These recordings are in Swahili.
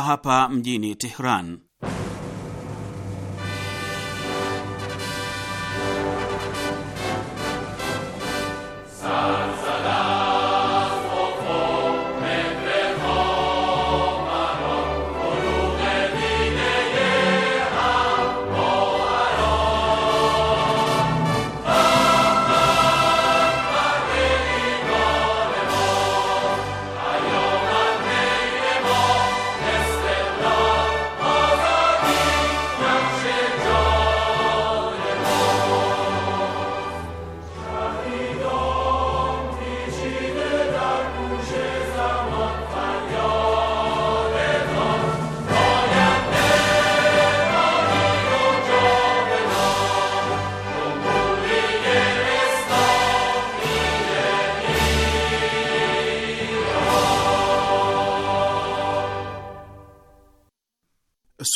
hapa mjini Tehran.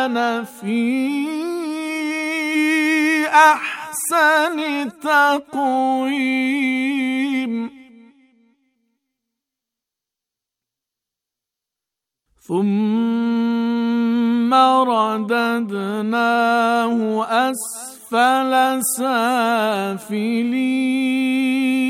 كان في احسن تقويم ثم رددناه اسفل سافلين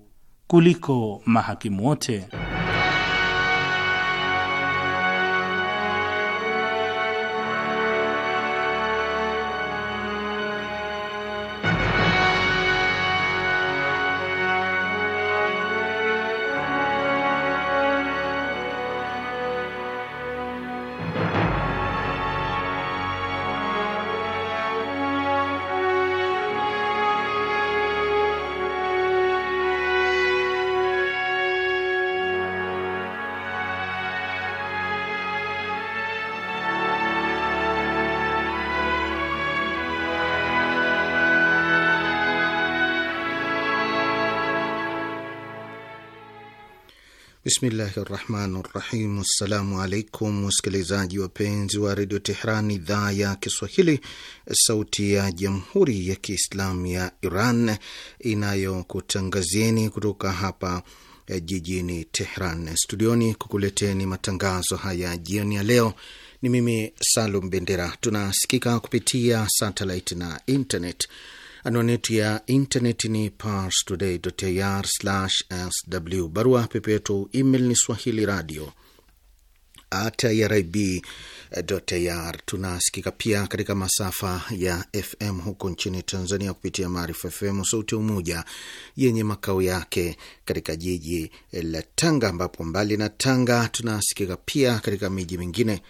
kuliko mahakimu wote. Bismillahi rahmani rahim. Assalamu alaikum wasikilizaji wapenzi wa redio Tehran, idhaa ya Kiswahili, sauti ya jamhuri ya Kiislamu ya Iran inayokutangazieni kutoka hapa eh, jijini Tehran studioni kukuleteni matangazo haya jioni ya leo. Ni mimi Salum Bendera. Tunasikika kupitia satelit na internet. Anwani yetu ya intaneti ni parstoday.ir/sw. Barua pepe yetu email ni swahili radio irib.ir. Tunasikika pia katika masafa ya FM huko nchini Tanzania kupitia Maarifa FM Sauti ya Umoja yenye makao yake katika jiji la Tanga, ambapo mbali na Tanga tunasikika pia katika miji mingine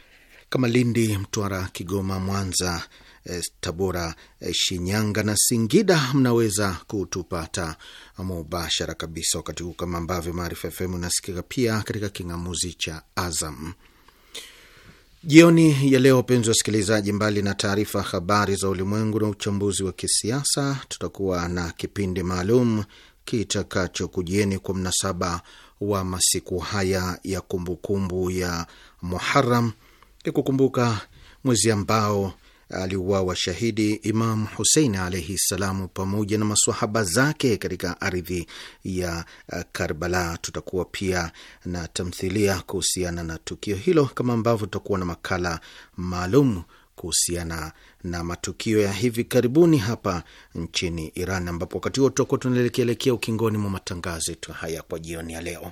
kama Lindi, Mtwara, Kigoma, Mwanza Eh, Tabora, eh, Shinyanga na Singida, mnaweza kutupata mubashara kabisa wakati huu, kama ambavyo Maarifa FM inasikika pia katika king'amuzi cha Azam. Jioni ya leo, wapenzi wasikilizaji, mbali na taarifa habari za ulimwengu na uchambuzi wa kisiasa, tutakuwa na kipindi maalum kitakacho kujieni kwa mnasaba wa masiku haya ya kumbukumbu kumbu ya Muharam ya kukumbuka mwezi ambao aliuawa shahidi Imam Husein alaihi ssalamu pamoja na maswahaba zake katika ardhi ya uh, Karbala. Tutakuwa pia na tamthilia kuhusiana na tukio hilo, kama ambavyo tutakuwa na makala maalum kuhusiana na matukio ya hivi karibuni hapa nchini Iran, ambapo wakati huo tutakuwa tunaelekeelekea ukingoni mwa matangazo yetu haya kwa jioni ya leo.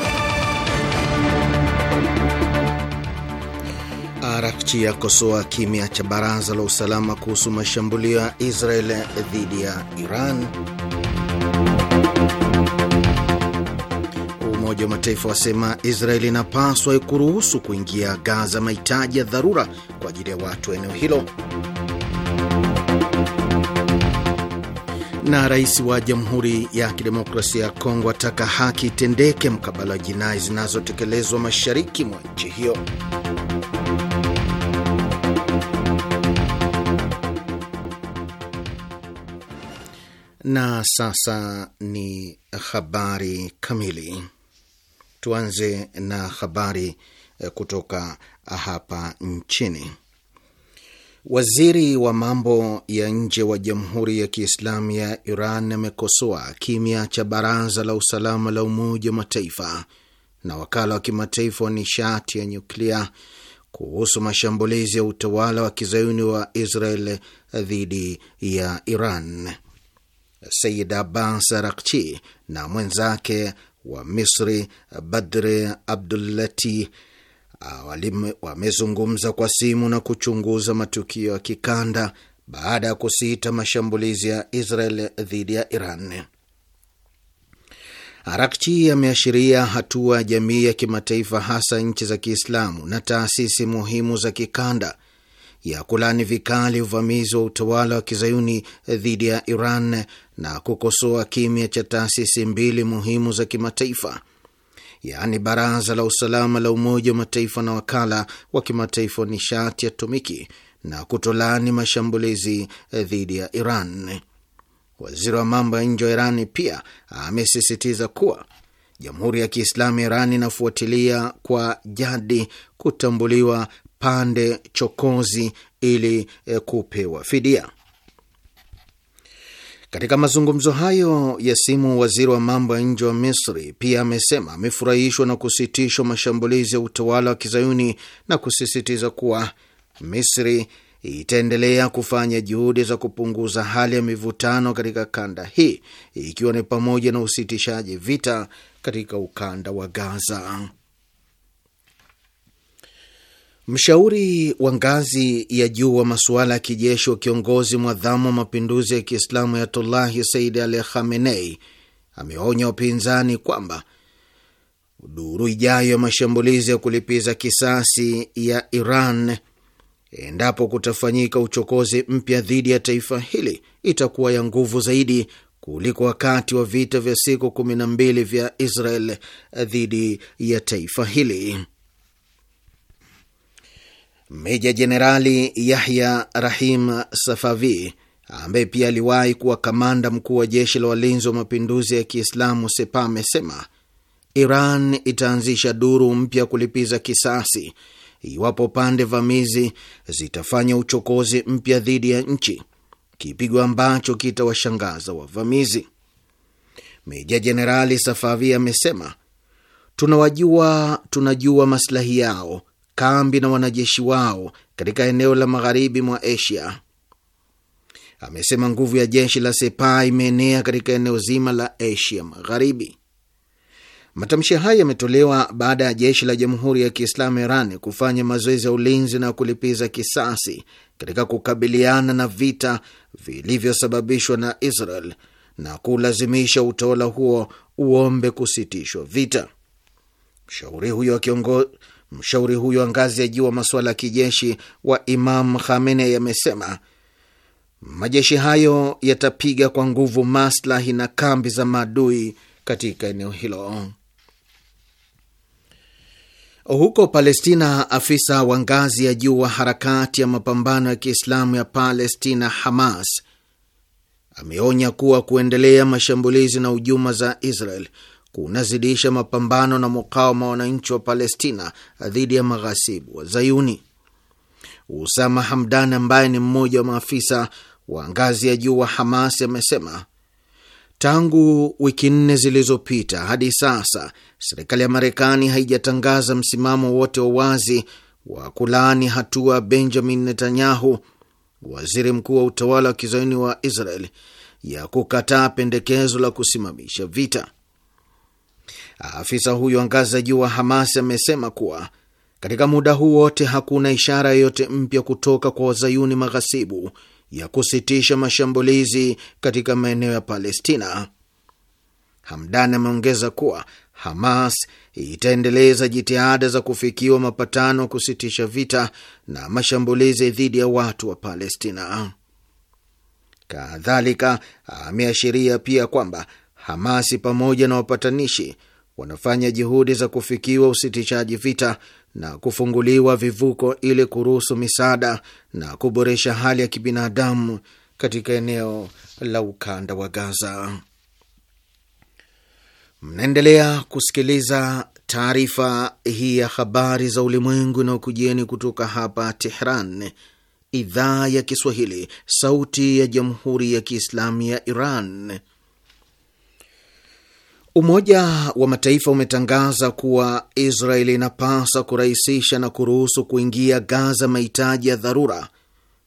Uturuki yakosoa kimya cha baraza la usalama kuhusu mashambulio ya Israel dhidi ya Iran. Umoja wa Mataifa wasema Israel inapaswa kuruhusu kuingia Gaza mahitaji ya dharura kwa ajili ya watu wa eneo hilo. Na rais wa Jamhuri ya Kidemokrasia ya Kongo ataka haki itendeke mkabala wa jinai zinazotekelezwa mashariki mwa nchi hiyo. Na sasa ni habari kamili. Tuanze na habari eh, kutoka hapa nchini. Waziri wa mambo ya nje wa Jamhuri ya Kiislamu ya Iran amekosoa kimya cha Baraza la Usalama la Umoja wa Mataifa na Wakala wa Kimataifa wa Nishati ya Nyuklia kuhusu mashambulizi ya utawala wa kizayuni wa Israel eh, dhidi ya Iran. Sayid Abbas Arakchi na mwenzake wa Misri Badre Abdullati ah, wamezungumza kwa simu na kuchunguza matukio ya kikanda baada ya kusita mashambulizi ya Israel dhidi ya Iran. Arakchi ameashiria hatua ya jamii ya kimataifa, hasa nchi za Kiislamu na taasisi muhimu za kikanda ya kulani vikali uvamizi wa utawala wa kizayuni dhidi ya Iran na kukosoa kimya cha taasisi mbili muhimu za kimataifa, yaani Baraza la Usalama la Umoja wa Mataifa na Wakala wa Kimataifa wa Nishati ya Atomiki, na kutolaani mashambulizi eh, dhidi ya Iran. Waziri wa mambo ya nje wa Irani pia amesisitiza kuwa Jamhuri ya Kiislamu ya Iran inafuatilia kwa jadi kutambuliwa pande chokozi ili eh, kupewa fidia. Katika mazungumzo hayo ya simu, waziri wa mambo ya nje wa Misri pia amesema amefurahishwa na kusitishwa mashambulizi ya utawala wa kizayuni na kusisitiza kuwa Misri itaendelea kufanya juhudi za kupunguza hali ya mivutano katika kanda hii ikiwa ni pamoja na usitishaji vita katika ukanda wa Gaza. Mshauri wa ngazi ya juu wa masuala ya kijeshi wa kiongozi mwadhamu wa mapinduzi ya Kiislamu Ayatullahi Said Ali Khamenei ameonya upinzani kwamba duru ijayo ya mashambulizi ya kulipiza kisasi ya Iran, endapo kutafanyika uchokozi mpya dhidi ya taifa hili, itakuwa ya nguvu zaidi kuliko wakati wa vita vya siku kumi na mbili vya Israel dhidi ya taifa hili. Meja Jenerali Yahya Rahim Safavi ambaye pia aliwahi kuwa kamanda mkuu wa jeshi la walinzi wa mapinduzi ya Kiislamu Sepa amesema Iran itaanzisha duru mpya kulipiza kisasi iwapo pande vamizi zitafanya uchokozi mpya dhidi ya nchi, kipigo ambacho kitawashangaza wavamizi. Meja Jenerali Safavi amesema tunawajua, tunajua maslahi yao kambi na wanajeshi wao katika eneo la magharibi mwa Asia. Amesema nguvu ya jeshi la Sepa imeenea katika eneo zima la Asia Magharibi. Matamshi haya yametolewa baada ya jeshi la Jamhuri ya Kiislamu Iran kufanya mazoezi ya ulinzi na kulipiza kisasi katika kukabiliana na vita vilivyosababishwa na Israel na kulazimisha utawala huo uombe kusitishwa vita. Mshauri huyo wa kiongozi Mshauri huyo wa ngazi ya juu wa masuala ya kijeshi wa Imam Khamenei amesema majeshi hayo yatapiga kwa nguvu maslahi na kambi za maadui katika eneo hilo. Huko Palestina, afisa wa ngazi ya juu wa harakati ya mapambano ya Kiislamu ya Palestina, Hamas, ameonya kuwa kuendelea mashambulizi na hujuma za Israel kunazidisha mapambano na mukawama wa wananchi wa Palestina dhidi ya maghasibu wa Zayuni. Usama Hamdan ambaye ni mmoja wa maafisa wa ngazi ya juu wa Hamas amesema tangu wiki nne zilizopita hadi sasa serikali ya Marekani haijatangaza msimamo wote wa wazi wa kulaani hatua Benjamin Netanyahu, waziri mkuu wa utawala wa kizaini wa Israel, ya kukataa pendekezo la kusimamisha vita. Afisa huyo wa ngazi za juu wa Hamas amesema kuwa katika muda huu wote hakuna ishara yoyote mpya kutoka kwa wazayuni maghasibu ya kusitisha mashambulizi katika maeneo ya Palestina. Hamdan ameongeza kuwa Hamas itaendeleza jitihada za kufikiwa mapatano kusitisha vita na mashambulizi dhidi ya watu wa Palestina. Kadhalika ameashiria pia kwamba Hamasi pamoja na wapatanishi wanafanya juhudi za kufikiwa usitishaji vita na kufunguliwa vivuko ili kuruhusu misaada na kuboresha hali ya kibinadamu katika eneo la ukanda wa Gaza. Mnaendelea kusikiliza taarifa hii ya habari za ulimwengu na ukujieni kutoka hapa Tehran, idhaa ya Kiswahili, sauti ya jamhuri ya kiislamu ya Iran. Umoja wa Mataifa umetangaza kuwa Israel inapaswa kurahisisha na kuruhusu kuingia Gaza mahitaji ya dharura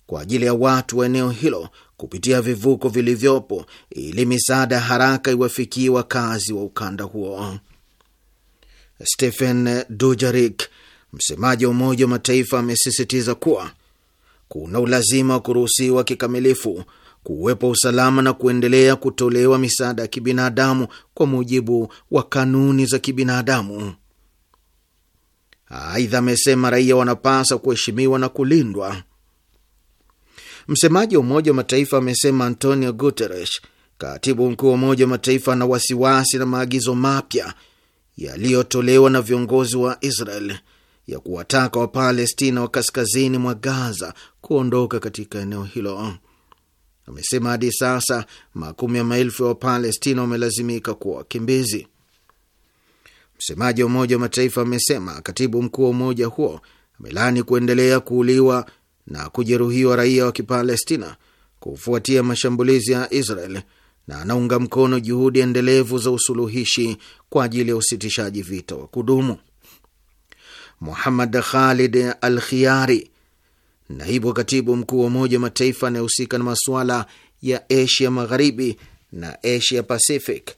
kwa ajili ya watu wa eneo hilo kupitia vivuko vilivyopo ili misaada haraka iwafikie wakazi wa ukanda huo. Stephen Dujarik, msemaji wa Umoja wa Mataifa, amesisitiza kuwa kuna ulazima wa kuruhusiwa kikamilifu kuwepo usalama na kuendelea kutolewa misaada ya kibinadamu kwa mujibu wa kanuni za kibinadamu. Aidha, amesema raia wanapasa kuheshimiwa na kulindwa. Msemaji wa Umoja wa Mataifa amesema Antonio Guterres, katibu mkuu wa Umoja wa Mataifa, ana wasiwasi na maagizo mapya yaliyotolewa na viongozi wa Israel ya kuwataka Wapalestina wa kaskazini mwa Gaza kuondoka katika eneo hilo amesema hadi sasa makumi ya maelfu ya Wapalestina wamelazimika kuwa wakimbizi. Msemaji wa Umoja wa Mataifa amesema katibu mkuu wa umoja huo amelani kuendelea kuuliwa na kujeruhiwa raia wa Kipalestina kufuatia mashambulizi ya Israel na anaunga mkono juhudi endelevu za usuluhishi kwa ajili ya usitishaji vita wa kudumu. Muhammad Khalid Al Khiari, naibu katibu mkuu wa Umoja wa Mataifa anayehusika na masuala ya Asia Magharibi na Asia Pacific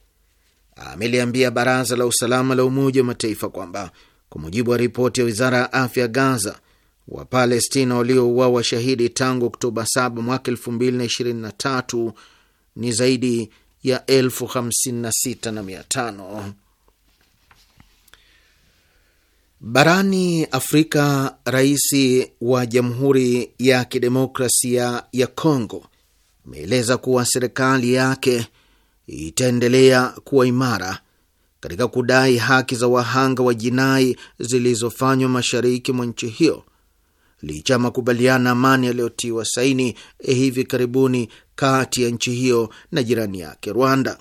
ameliambia Baraza la Usalama la Umoja wa Mataifa kwamba kwa mujibu wa ripoti ya wizara ya afya Gaza, Wapalestina waliouawa shahidi tangu Oktoba 7 mwaka 2023 ni zaidi ya elfu hamsini na Barani Afrika, rais wa Jamhuri ya Kidemokrasia ya Kongo ameeleza kuwa serikali yake itaendelea kuwa imara katika kudai haki za wahanga wa jinai zilizofanywa mashariki mwa nchi hiyo licha ya makubaliano amani yaliyotiwa saini hivi karibuni kati ya nchi hiyo na jirani yake Rwanda.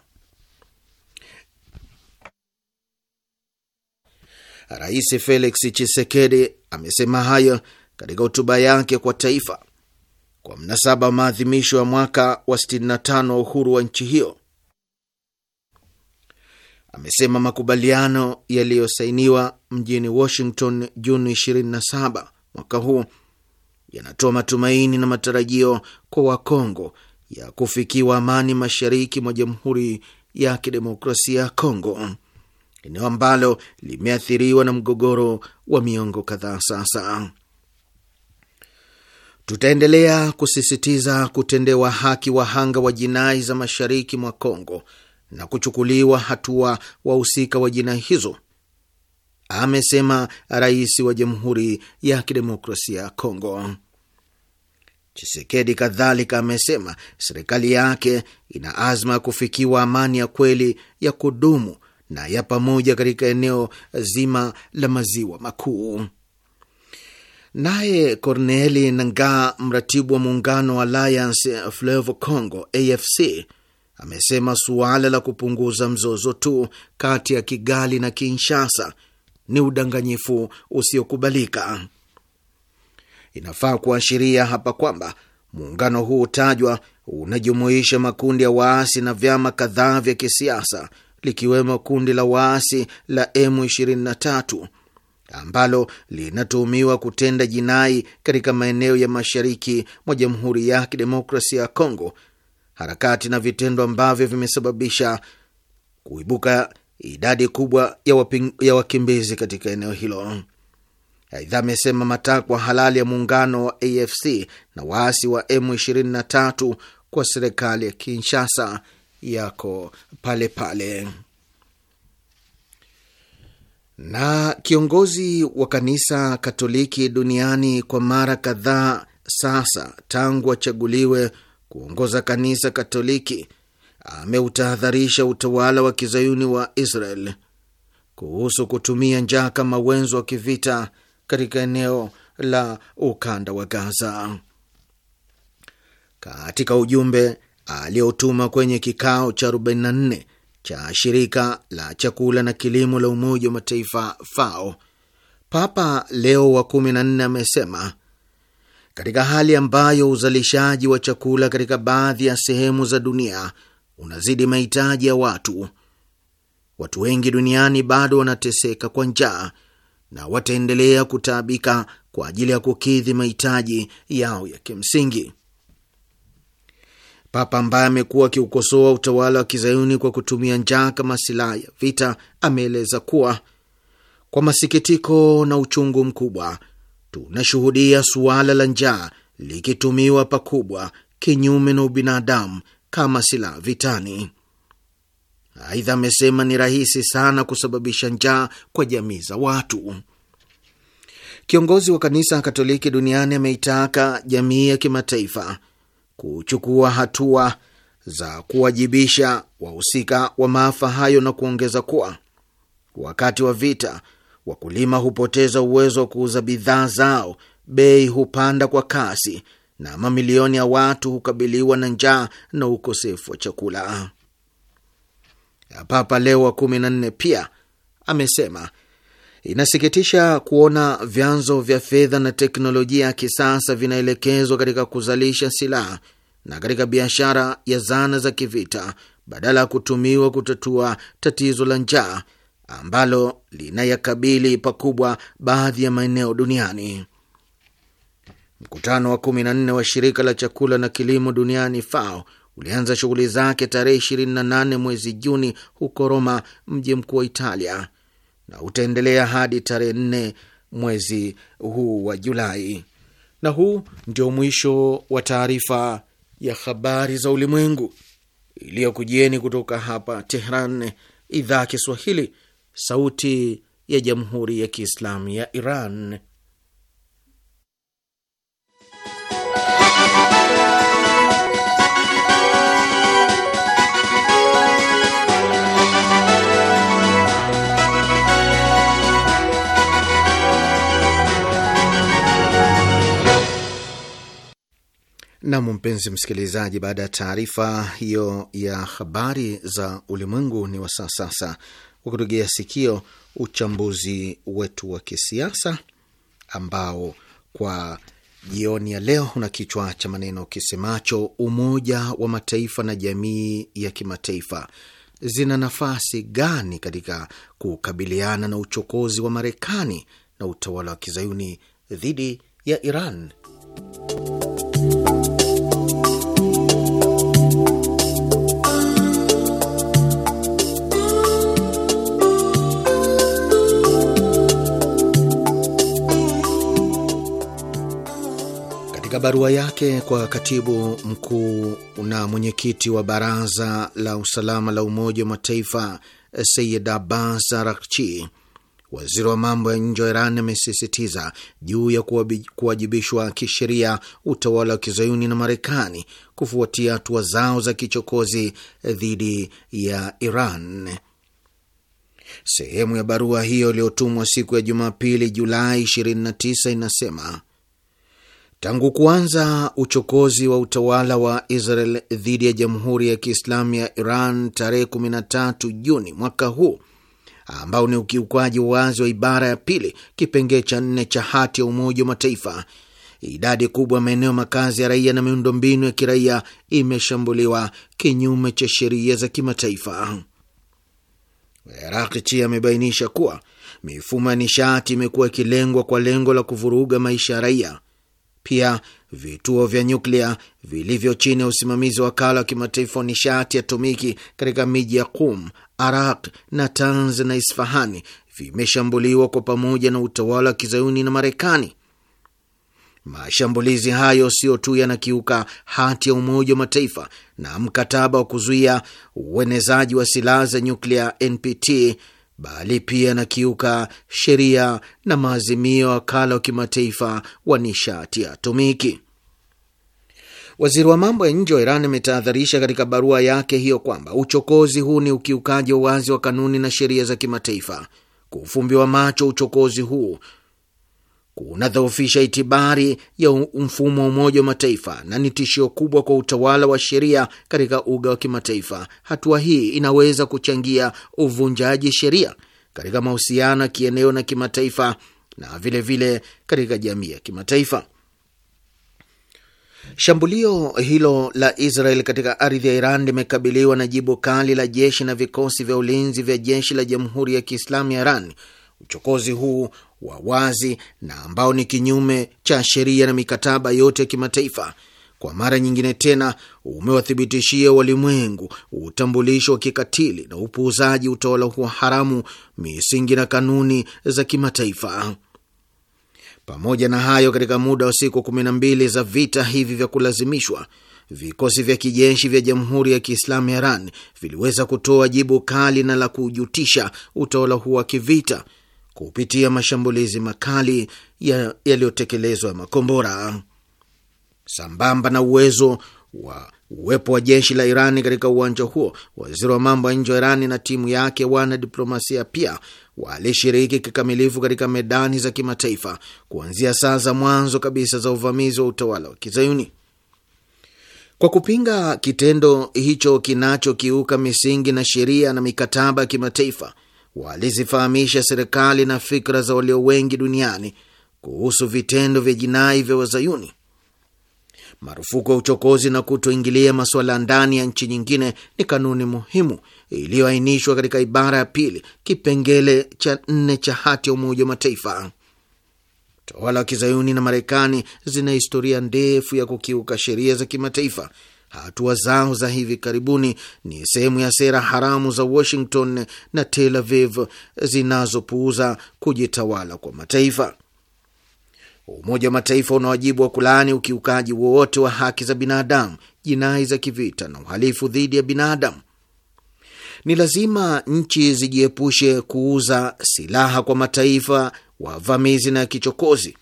Rais Felix Chisekedi amesema hayo katika hotuba yake kwa taifa kwa mnasaba wa maadhimisho ya mwaka wa 65 wa uhuru wa nchi hiyo. Amesema makubaliano yaliyosainiwa mjini Washington Juni 27 mwaka huu yanatoa matumaini na matarajio kwa Wakongo ya kufikiwa amani mashariki mwa Jamhuri ya Kidemokrasia ya Kongo eneo ambalo limeathiriwa na mgogoro wa miongo kadhaa sasa. Tutaendelea kusisitiza kutendewa haki wahanga wa jinai za mashariki mwa Kongo na kuchukuliwa hatua wahusika wa, wa jinai hizo, amesema rais wa Jamhuri ya Kidemokrasia ya Kongo Chisekedi. Kadhalika amesema serikali yake ina azma ya kufikiwa amani ya kweli ya kudumu na ya pamoja katika eneo zima la maziwa makuu. Naye Corneli nanga mratibu wa muungano wa Alliance Fleuve Congo AFC, amesema suala la kupunguza mzozo tu kati ya Kigali na Kinshasa ni udanganyifu usiokubalika. Inafaa kuashiria hapa kwamba muungano huu tajwa unajumuisha makundi ya waasi na vyama kadhaa vya kisiasa likiwemo kundi la waasi la M23 ambalo linatuhumiwa kutenda jinai katika maeneo ya mashariki mwa Jamhuri ya Kidemokrasia ya Kongo, harakati na vitendo ambavyo vimesababisha kuibuka idadi kubwa ya, waping, ya wakimbizi katika eneo hilo. Aidha, amesema matakwa halali ya muungano wa AFC na waasi wa M23 kwa serikali ya Kinshasa yako pale pale. Na kiongozi wa kanisa Katoliki duniani kwa mara kadhaa sasa tangu achaguliwe kuongoza kanisa Katoliki ameutahadharisha utawala wa kizayuni wa Israel kuhusu kutumia njaa kama wenzo wa kivita katika eneo la ukanda wa Gaza. Katika ujumbe aliyotuma kwenye kikao cha 44 cha shirika la chakula na kilimo la Umoja wa Mataifa FAO, Papa Leo wa 14 amesema katika hali ambayo uzalishaji wa chakula katika baadhi ya sehemu za dunia unazidi mahitaji ya watu, watu wengi duniani bado wanateseka kwa njaa na wataendelea kutaabika kwa ajili ya kukidhi mahitaji yao ya kimsingi. Papa ambaye amekuwa akiukosoa utawala wa kizayuni kwa kutumia njaa kama silaha ya vita ameeleza kuwa kwa masikitiko na uchungu mkubwa tunashuhudia suala la njaa likitumiwa pakubwa kinyume na ubinadamu kama silaha vitani. Aidha, amesema ni rahisi sana kusababisha njaa kwa jamii za watu. Kiongozi wa kanisa Katoliki duniani ameitaka jamii ya kimataifa kuchukua hatua za kuwajibisha wahusika wa maafa hayo na kuongeza kuwa wakati wa vita wakulima hupoteza uwezo wa kuuza bidhaa zao, bei hupanda kwa kasi na mamilioni ya watu hukabiliwa na njaa na ukosefu wa chakula. Papa Leo wa kumi na nne pia amesema Inasikitisha kuona vyanzo vya fedha na teknolojia ya kisasa vinaelekezwa katika kuzalisha silaha na katika biashara ya zana za kivita badala ya kutumiwa kutatua tatizo la njaa ambalo linayakabili pakubwa baadhi ya maeneo duniani. Mkutano wa 14 wa shirika la chakula na kilimo duniani FAO ulianza shughuli zake tarehe 28 mwezi Juni huko Roma, mji mkuu wa Italia na utaendelea hadi tarehe nne mwezi huu wa Julai. Na huu ndio mwisho wa taarifa ya habari za ulimwengu iliyokujieni kutoka hapa Tehran, idhaa ya Kiswahili, sauti ya jamhuri ya kiislamu ya Iran. Nam, mpenzi msikilizaji, baada ya taarifa hiyo ya habari za ulimwengu, ni wasaa sasa wa kutegea sikio uchambuzi wetu wa kisiasa ambao kwa jioni ya leo una kichwa cha maneno kisemacho Umoja wa Mataifa na jamii ya kimataifa zina nafasi gani katika kukabiliana na uchokozi wa Marekani na utawala wa kizayuni dhidi ya Iran. Katika barua yake kwa katibu mkuu na mwenyekiti wa baraza la usalama la Umoja wa Mataifa Sayid Abbas Arakchi, waziri wa mambo ya nje wa Iran amesisitiza juu ya kuwajibishwa kisheria utawala wa kizayuni na Marekani kufuatia hatua zao za kichokozi dhidi ya Iran. Sehemu ya barua hiyo iliyotumwa siku ya Jumapili, Julai 29, inasema Tangu kuanza uchokozi wa utawala wa Israel dhidi ya Jamhuri ya Kiislamu ya Iran tarehe 13 Juni mwaka huu ambao ni ukiukwaji wazi wa ibara ya pili kipengee cha nne cha hati ya Umoja wa Mataifa, idadi kubwa ya maeneo makazi ya raia na miundombinu ya kiraia imeshambuliwa kinyume cha sheria za kimataifa. Rakchi amebainisha kuwa mifumo ya nishati imekuwa ikilengwa kwa lengo la kuvuruga maisha ya raia pia vituo vya nyuklia vilivyo chini ya usimamizi wa wakala wa kimataifa wa nishati ya atomiki katika miji ya Qum, Araq, Natanz na Isfahani vimeshambuliwa kwa pamoja na utawala wa kizayuni na Marekani. Mashambulizi hayo sio tu yanakiuka hati ya Umoja wa Mataifa na mkataba wa kuzuia uenezaji wa silaha za nyuklia NPT bali pia anakiuka sheria na maazimio ya wakala wa kimataifa wa nishati ya atomiki. Waziri wa mambo ya nje wa Iran ametahadharisha katika barua yake hiyo kwamba uchokozi huu ni ukiukaji wa wazi wa kanuni na sheria za kimataifa. Kufumbiwa macho uchokozi huu kunadhoofisha itibari ya mfumo wa Umoja wa Mataifa na ni tishio kubwa kwa utawala wa sheria katika uga wa kimataifa. Hatua hii inaweza kuchangia uvunjaji sheria katika mahusiano ya kieneo na kimataifa na vilevile vile katika jamii ya kimataifa. Shambulio hilo la Israel katika ardhi ya Iran limekabiliwa na jibu kali la jeshi na vikosi vya ulinzi vya jeshi la Jamhuri ya Kiislamu ya Iran Uchokozi huu wa wazi na ambao ni kinyume cha sheria na mikataba yote ya kimataifa, kwa mara nyingine tena umewathibitishia walimwengu utambulisho wa kikatili na upuuzaji utawala huo haramu misingi na kanuni za kimataifa. Pamoja na hayo, katika muda wa siku kumi na mbili za vita hivi vya kulazimishwa vikosi vya kijeshi vya Jamhuri ya Kiislamu ya Iran viliweza kutoa jibu kali na la kujutisha utawala huo wa kivita kupitia mashambulizi makali yaliyotekelezwa ya makombora sambamba na uwezo wa uwepo wa jeshi la Irani katika uwanja huo. Waziri wa mambo ya nje wa Irani na timu yake wanadiplomasia pia walishiriki kikamilifu katika medani za kimataifa kuanzia saa za mwanzo kabisa za uvamizi wa utawala wa Kizayuni kwa kupinga kitendo hicho kinachokiuka misingi na sheria na mikataba ya kimataifa walizifahamisha serikali na fikra za walio wengi duniani kuhusu vitendo vya jinai vya Wazayuni. Marufuku ya uchokozi na kutoingilia masuala ndani ya nchi nyingine ni kanuni muhimu iliyoainishwa katika ibara ya pili kipengele cha nne cha hati ya Umoja wa Mataifa. Utawala wa kizayuni na Marekani zina historia ndefu ya kukiuka sheria za kimataifa hatua zao za hivi karibuni ni sehemu ya sera haramu za Washington na Tel Aviv zinazopuuza kujitawala kwa mataifa. Umoja wa Mataifa una wajibu wa kulaani ukiukaji wowote wa haki za binadamu, jinai za kivita na uhalifu dhidi ya binadamu. Ni lazima nchi zijiepushe kuuza silaha kwa mataifa wavamizi na kichokozi.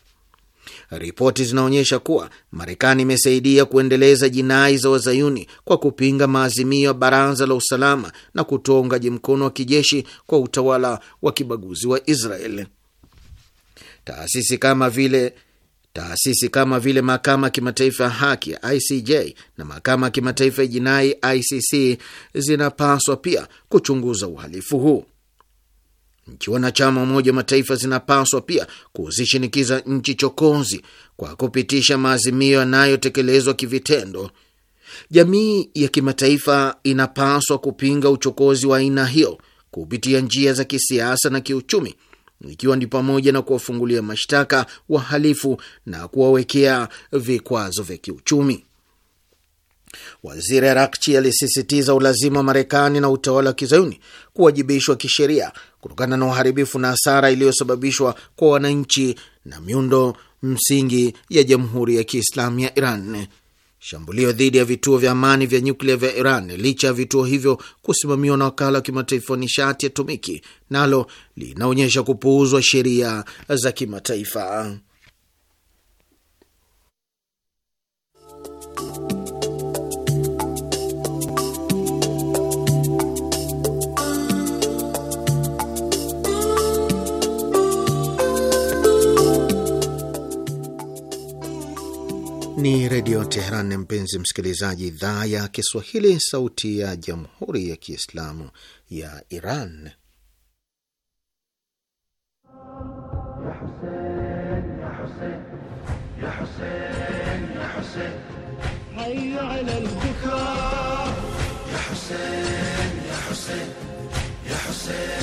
Ripoti zinaonyesha kuwa Marekani imesaidia kuendeleza jinai za wazayuni kwa kupinga maazimio ya Baraza la Usalama na kutoa ungaji mkono wa kijeshi kwa utawala wa kibaguzi wa Israel. Taasisi kama vile taasisi kama vile mahakama ya kimataifa ya haki ya ICJ na mahakama ya kimataifa ya jinai ICC zinapaswa pia kuchunguza uhalifu huu. Nchi wanachama wa Umoja wa Mataifa zinapaswa pia kuzishinikiza nchi chokozi kwa kupitisha maazimio yanayotekelezwa kivitendo. Jamii ya kimataifa inapaswa kupinga uchokozi wa aina hiyo kupitia njia za kisiasa na kiuchumi, ikiwa ni pamoja na kuwafungulia mashtaka wahalifu na kuwawekea vikwazo vya kiuchumi. Waziri Arakchi alisisitiza ulazima wa Marekani na utawala wa kizayuni kuwajibishwa kisheria kutokana na uharibifu na hasara iliyosababishwa kwa wananchi na miundo msingi ya Jamhuri ya Kiislamu ya Iran. Shambulio dhidi ya vituo vya amani vya nyuklia vya Iran, licha ya vituo hivyo kusimamiwa na wakala wa kimataifa wa nishati ya atomiki, nalo linaonyesha kupuuzwa sheria za kimataifa. ni Redio Teheran, mpenzi msikilizaji, idhaa ya Kiswahili, sauti ya Jamhuri ya Kiislamu ya Iran. Ya Hussein, ya Hussein, ya Hussein,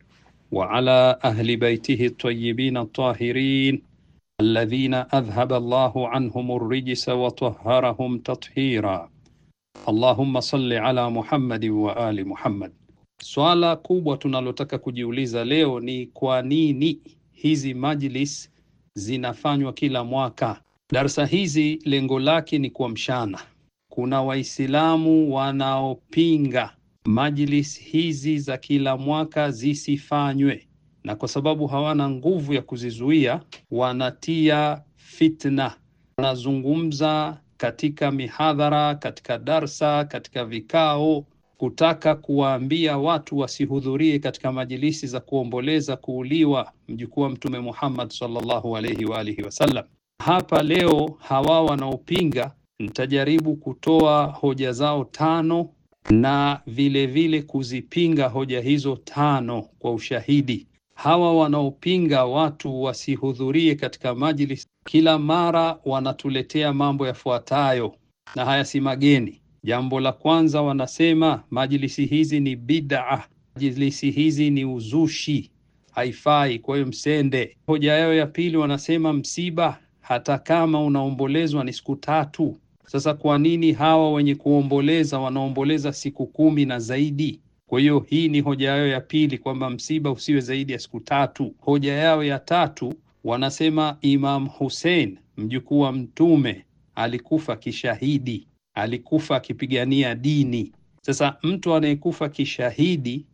wa ala ahli baitihi at-tayyibin at-tahirin alladhina adhhaba Allahu anhum ar-rijsa wa tahharahum tathira Allahumma salli ala Muhammad wa ali Muhammad. Swala kubwa tunalotaka kujiuliza leo ni kwa nini hizi majlis zinafanywa kila mwaka? Darsa hizi lengo lake ni kuamshana. Kuna Waislamu wanaopinga Majlis hizi za kila mwaka zisifanywe, na kwa sababu hawana nguvu ya kuzizuia, wanatia fitna, wanazungumza katika mihadhara, katika darsa, katika vikao, kutaka kuwaambia watu wasihudhurie katika majilisi za kuomboleza kuuliwa mjukuu wa Mtume Muhammad sallallahu alaihi wa alihi wasallam. Hapa leo hawa wanaopinga, nitajaribu kutoa hoja zao tano na vilevile vile kuzipinga hoja hizo tano kwa ushahidi. Hawa wanaopinga watu wasihudhurie katika majlis, kila mara wanatuletea mambo yafuatayo, na haya si mageni. Jambo la kwanza, wanasema majlisi hizi ni bid'a, majlisi hizi ni uzushi, haifai, kwa hiyo msende. Hoja yao ya pili, wanasema msiba hata kama unaombolezwa ni siku tatu sasa kwa nini hawa wenye kuomboleza wanaomboleza siku kumi na zaidi? Kwa hiyo hii ni hoja yao ya pili, kwamba msiba usiwe zaidi ya siku tatu. Hoja yao ya tatu wanasema Imam Hussein mjukuu wa Mtume alikufa kishahidi, alikufa akipigania dini. Sasa mtu anayekufa kishahidi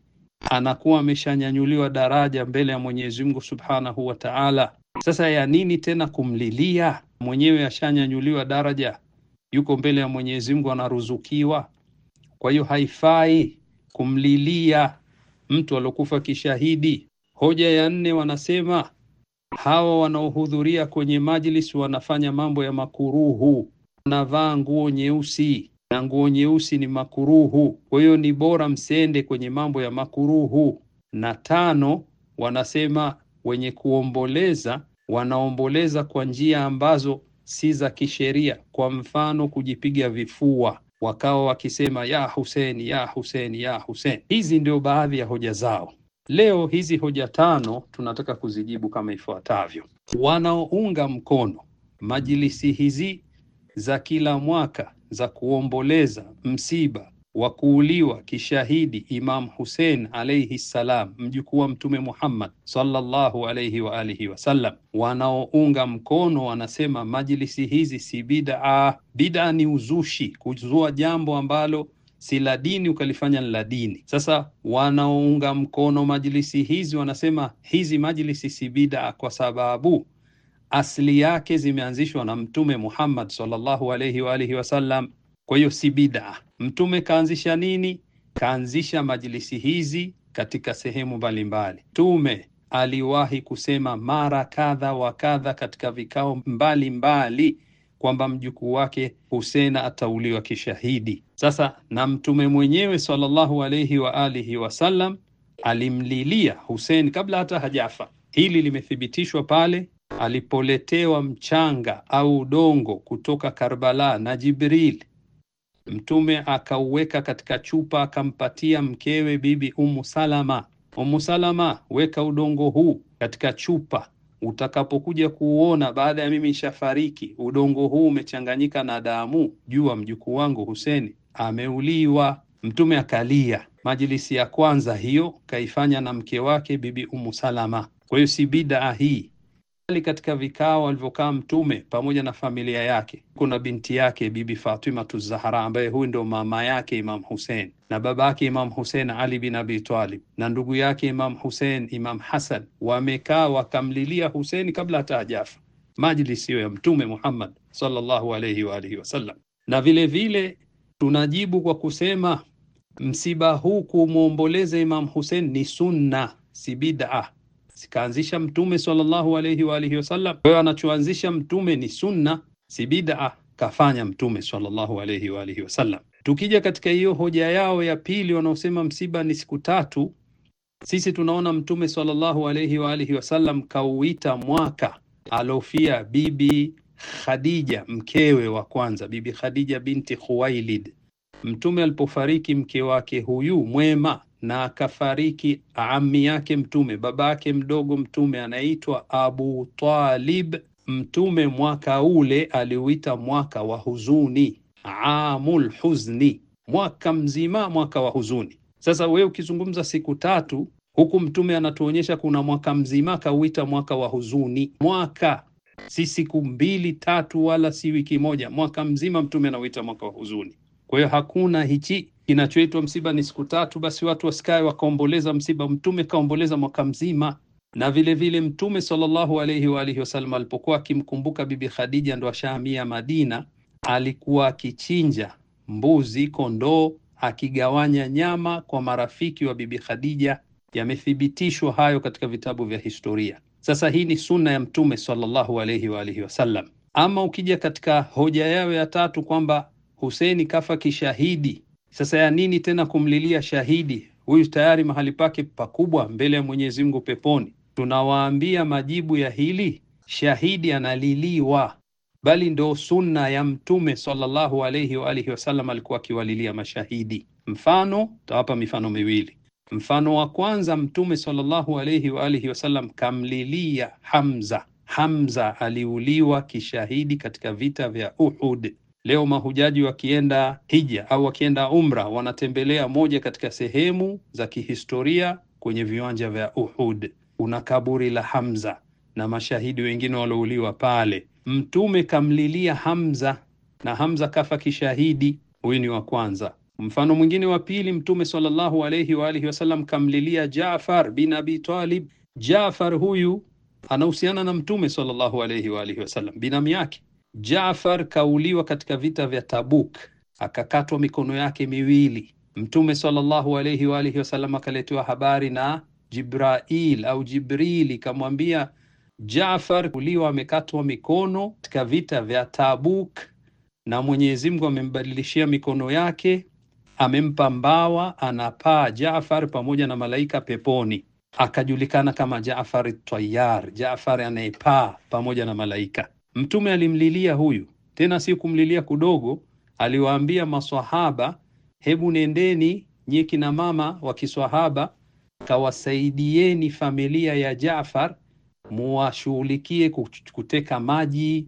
anakuwa ameshanyanyuliwa daraja mbele ya Mwenyezi Mungu Subhanahu wa Ta'ala. Sasa ya nini tena kumlilia? Mwenyewe ashanyanyuliwa daraja yuko mbele ya Mwenyezi Mungu anaruzukiwa. Kwa hiyo haifai kumlilia mtu aliokufa kishahidi. Hoja ya nne, wanasema hawa wanaohudhuria kwenye majlis wanafanya mambo ya makuruhu, wanavaa nguo nyeusi na nguo nyeusi ni makuruhu, kwa hiyo ni bora msende kwenye mambo ya makuruhu. Na tano, wanasema wenye kuomboleza wanaomboleza kwa njia ambazo si za kisheria, kwa mfano kujipiga vifua wakawa wakisema ya Huseni, ya Huseni, ya Huseni. Hizi ndio baadhi ya hoja zao. Leo hizi hoja tano tunataka kuzijibu kama ifuatavyo. Wanaounga mkono majilisi hizi za kila mwaka za kuomboleza msiba wa kuuliwa kishahidi Imam Hussein alayhi salam, mjukuu wa Mtume Muhammad sallallahu alayhi wa alihi wasallam. Wanaounga mkono wanasema majlisi hizi si bid'a. Bid'a ni uzushi, kuzua jambo ambalo si la dini ukalifanya ni la dini. Sasa wanaounga mkono majlisi hizi wanasema hizi majlisi si bid'a, kwa sababu asili yake zimeanzishwa na Mtume Muhammad sallallahu alayhi wa alihi wasallam kwa hiyo si bidaa. Mtume kaanzisha nini? Kaanzisha majlisi hizi katika sehemu mbalimbali. Mtume aliwahi kusema mara kadha wa kadha katika vikao mbalimbali mbali, kwamba mjukuu wake Husena atauliwa kishahidi. Sasa na mtume mwenyewe sallallahu alaihi wa alihi wasallam alimlilia Husein kabla hata hajafa. Hili limethibitishwa pale alipoletewa mchanga au udongo kutoka Karbala na Jibril Mtume akauweka katika chupa akampatia mkewe Bibi Umu Salama. Umu Salama, weka udongo huu katika chupa, utakapokuja kuuona baada ya mimi nishafariki, udongo huu umechanganyika na damu, jua mjukuu wangu Huseni ameuliwa. Mtume akalia. Majilisi ya kwanza hiyo kaifanya na mke wake Bibi Umu Salama. Kwa hiyo si bidaa hii katika vikao alivyokaa Mtume pamoja na familia yake, kuna binti yake Bibi Fatima Tuzahara ambaye huyu ndio mama yake Imam husen na baba yake Imam husen Ali bin Abi Talib na ndugu yake Imam husen Imam Hasan, wamekaa wakamlilia huseni kabla hata hajafa. majlis hiyo ya Mtume Muhammad sallallahu alayhi wa alihi wasallam. Na vilevile vile tunajibu kwa kusema msiba huu kumwomboleza Imam husen ni sunna, si bid'ah sikaanzisha Mtume sallallahu alayhi wa alihi wasallam. Kwa hiyo anachoanzisha Mtume ni sunna, si bid'a, kafanya Mtume sallallahu alayhi wa alihi wasallam. Tukija katika hiyo hoja yao ya pili, wanaosema msiba ni siku tatu, sisi tunaona Mtume sallallahu alayhi wa alihi wasallam kauita mwaka alofia Bibi Khadija mkewe wa kwanza, Bibi Khadija binti Khuwailid. Mtume alipofariki mke wake huyu mwema na akafariki ammi yake Mtume, baba yake mdogo Mtume anaitwa Abu Talib. Mtume mwaka ule aliuita mwaka wa huzuni, amul huzni, mwaka mzima, mwaka wa huzuni. Sasa wewe ukizungumza siku tatu huku, Mtume anatuonyesha kuna mwaka mzima akauita mwaka wa huzuni. Mwaka si siku mbili tatu, wala si wiki moja, mwaka mzima Mtume anauita mwaka wa huzuni. Kwa hiyo hakuna hichi kinachoitwa msiba ni siku tatu, basi watu wasikae wakaomboleza msiba. Mtume kaomboleza mwaka mzima na vile vile Mtume sallallahu alaihi wa alihi wasallam alipokuwa akimkumbuka Bibi Khadija ndo ashahamia Madina, alikuwa akichinja mbuzi, kondoo, akigawanya nyama kwa marafiki wa Bibi Khadija. Yamethibitishwa hayo katika vitabu vya historia. Sasa hii ni sunna ya Mtume sallallahu alaihi wa alihi wasallam. Ama ukija katika hoja yao ya tatu kwamba Huseni kafa kishahidi sasa ya nini tena kumlilia shahidi huyu? Tayari mahali pake pakubwa mbele ya Mwenyezi Mungu peponi. Tunawaambia majibu ya hili, shahidi analiliwa, bali ndo sunna ya Mtume sallallahu alayhi wa alihi wasallam, alikuwa akiwalilia mashahidi. Mfano tawapa mifano miwili. Mfano wa kwanza, Mtume sallallahu alayhi wa alihi wasallam kamlilia Hamza. Hamza aliuliwa kishahidi katika vita vya Uhud. Leo mahujaji wakienda hija au wakienda umra wanatembelea moja katika sehemu za kihistoria kwenye viwanja vya Uhud, kuna kaburi la Hamza na mashahidi wengine walouliwa pale. Mtume kamlilia Hamza na Hamza kafa kishahidi. Huyu ni wa kwanza. Mfano mwingine wa pili, Mtume sallallahu alayhi wa alihi wasallam kamlilia jafar bin Abi Talib. jafar huyu anahusiana na Mtume sallallahu alayhi wa alihi wasallam, binamu yake Jaafar kauliwa katika vita vya Tabuk, akakatwa mikono yake miwili. Mtume sallallahu alayhi wa alihi wasallam akaletewa habari na Jibrail au jibril ikamwambia Jaafar uliwa amekatwa mikono katika vita vya Tabuk, na Mwenyezi Mungu amembadilishia mikono yake, amempa mbawa, anapaa Jaafar pamoja na malaika peponi. Akajulikana kama Jaafar Tayar, Jaafar anayepaa pamoja na malaika. Mtume alimlilia huyu, tena si kumlilia kudogo. Aliwaambia maswahaba, hebu nendeni nyie kina mama wa kiswahaba, kawasaidieni familia ya Jaafar, muwashughulikie kuteka maji,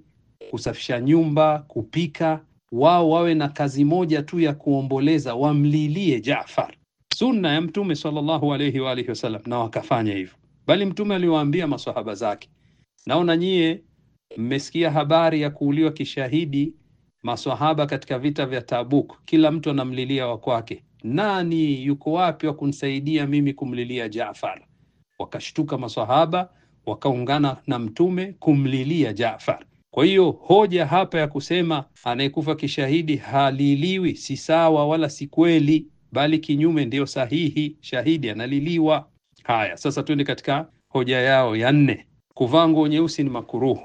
kusafisha nyumba, kupika. Wao wawe na kazi moja tu ya kuomboleza, wamlilie Jaafar, sunna ya Mtume sallallahu alayhi wa alihi wasallam. Na wakafanya hivyo, bali Mtume aliwaambia maswahaba zake, naona nyie Mmesikia habari ya kuuliwa kishahidi maswahaba katika vita vya Tabuk. Kila mtu anamlilia wa kwake, nani yuko wapi wa kunisaidia mimi kumlilia Jaafar? Wakashtuka maswahaba wakaungana na mtume kumlilia Jaafar. Kwa hiyo hoja hapa ya kusema anayekufa kishahidi haliliwi si sawa wala si kweli, bali kinyume ndiyo sahihi, shahidi analiliwa. Haya, sasa tuende katika hoja yao ya nne. Kuvaa nguo nyeusi ni makuruhu.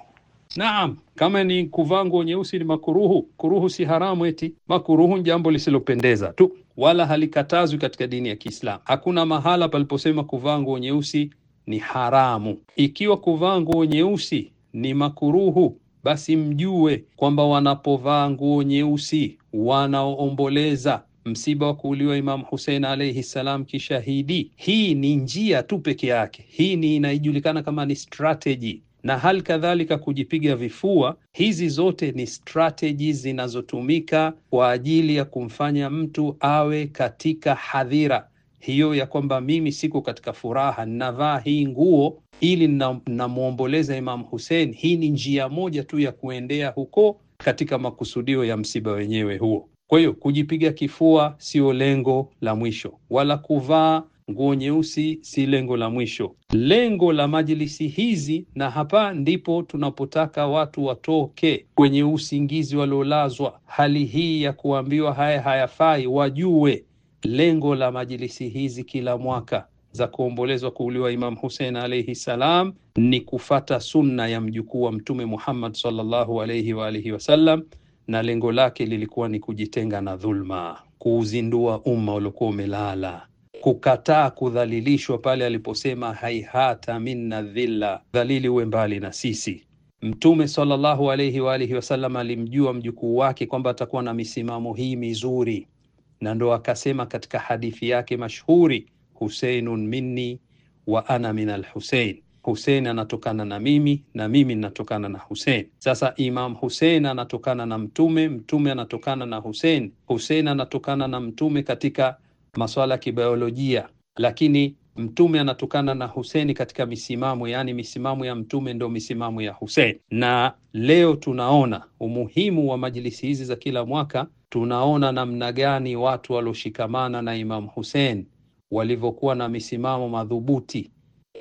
Naam, kama ni kuvaa nguo nyeusi ni makuruhu. Kuruhu si haramu, eti makuruhu ni jambo lisilopendeza tu, wala halikatazwi katika dini ya Kiislamu. Hakuna mahala paliposema kuvaa nguo nyeusi ni haramu. Ikiwa kuvaa nguo nyeusi ni makuruhu, basi mjue kwamba wanapovaa nguo nyeusi wanaoomboleza msiba wa kuuliwa imam Husein alaihi salam kishahidi. Hii ni njia tu peke yake, hii ni inajulikana kama ni strategy na hali kadhalika kujipiga vifua. Hizi zote ni strateji zinazotumika kwa ajili ya kumfanya mtu awe katika hadhira hiyo ya kwamba mimi siko katika furaha, ninavaa hii nguo ili namwomboleza Imam Hussein. Hii ni njia moja tu ya kuendea huko katika makusudio ya msiba wenyewe huo. Kwa hiyo kujipiga kifua sio lengo la mwisho, wala kuvaa nguo nyeusi si lengo la mwisho. Lengo la majilisi hizi, na hapa ndipo tunapotaka watu watoke kwenye usingizi waliolazwa, hali hii ya kuambiwa haya hayafai, wajue lengo la majilisi hizi kila mwaka za kuombolezwa kuuliwa Imam Husein alaihi salam ni kufata sunna ya mjukuu wa Mtume Muhammad sallallahu alaihi wa alihi wasallam, na lengo lake lilikuwa ni kujitenga na dhulma, kuuzindua umma uliokuwa umelala kukataa kudhalilishwa pale aliposema haihata minna dhilla, dhalili uwe mbali na sisi. Mtume sallallahu alayhi wa alihi wasallam alimjua mjukuu wake kwamba atakuwa na misimamo hii mizuri, na ndo akasema katika hadithi yake mashhuri, Husainun minni wa ana min alhusein, Husein anatokana na mimi na mimi ninatokana na Husein. Sasa Imam Husein anatokana na Mtume, Mtume anatokana na Husein, Husein anatokana na Mtume katika masuala ya kibiolojia, lakini Mtume anatokana na Huseni katika misimamo, yaani misimamo ya Mtume ndio misimamo ya Huseni. Na leo tunaona umuhimu wa majlisi hizi za kila mwaka, tunaona namna gani watu walioshikamana na Imamu Hussein walivyokuwa na misimamo madhubuti.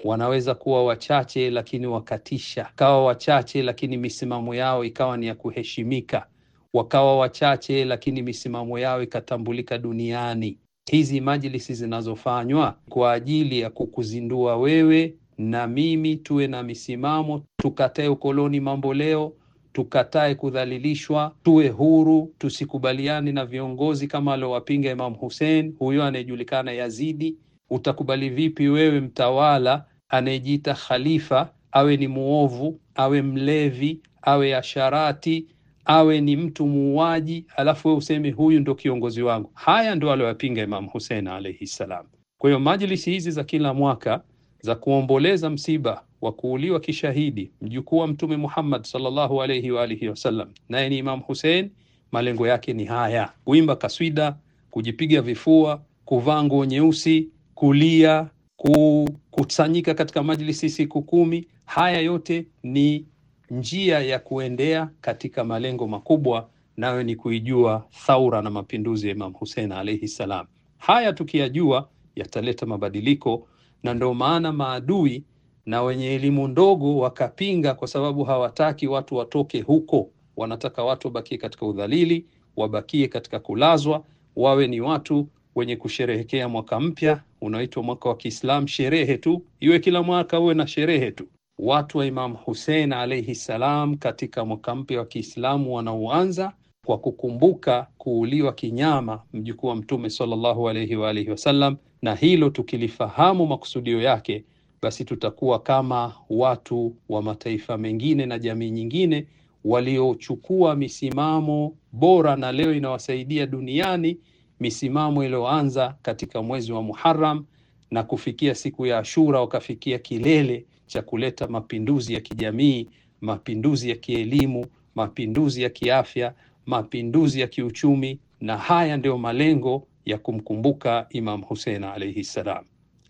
Wanaweza kuwa wachache lakini wakatisha, kawa wachache lakini misimamo yao ikawa ni ya kuheshimika, wakawa wachache lakini misimamo yao ikatambulika duniani hizi majlisi zinazofanywa kwa ajili ya kukuzindua wewe na mimi tuwe na misimamo, tukatae ukoloni mambo leo, tukatae kudhalilishwa, tuwe huru, tusikubaliane na viongozi kama aliowapinga Imam Hussein, huyo anayejulikana Yazidi. Utakubali vipi wewe mtawala anayejiita khalifa awe ni muovu, awe mlevi, awe asharati, awe ni mtu muuaji, alafu wewe useme huyu ndo kiongozi wangu. Haya ndo aliyoyapinga Imam Husein alaihi ssalam. Kwa hiyo majlisi hizi za kila mwaka za kuomboleza msiba wa kuuliwa kishahidi mjukuu wa Mtume Muhammad sallallahu alaihi wa alihi wasallam, naye ni Imam Husein, malengo yake ni haya: kuimba kaswida, kujipiga vifua, kuvaa nguo nyeusi, kulia, kukusanyika katika majlisi siku kumi. Haya yote ni njia ya kuendea katika malengo makubwa, nayo ni kuijua thaura na mapinduzi ya Imam Hussein alaihi salam. Haya tukiyajua yataleta mabadiliko, na ndio maana maadui na wenye elimu ndogo wakapinga, kwa sababu hawataki watu watoke huko, wanataka watu wabakie katika udhalili, wabakie katika kulazwa, wawe ni watu wenye kusherehekea mwaka mpya unaoitwa mwaka wa Kiislamu. Sherehe tu iwe kila mwaka uwe na sherehe tu, watu wa imam Husein alaihi salam katika mwaka mpya wa Kiislamu wanaoanza kwa kukumbuka kuuliwa kinyama mjukuu wa Mtume sallallahu alaihi wa alihi wasallam, na hilo tukilifahamu makusudio yake, basi tutakuwa kama watu wa mataifa mengine na jamii nyingine waliochukua misimamo bora na leo inawasaidia duniani, misimamo iliyoanza katika mwezi wa Muharram na kufikia siku ya Ashura wakafikia kilele cha kuleta mapinduzi ya kijamii, mapinduzi ya kielimu, mapinduzi ya kiafya, mapinduzi ya kiuchumi, na haya ndiyo malengo ya kumkumbuka Imam Husein alaihi ssalam.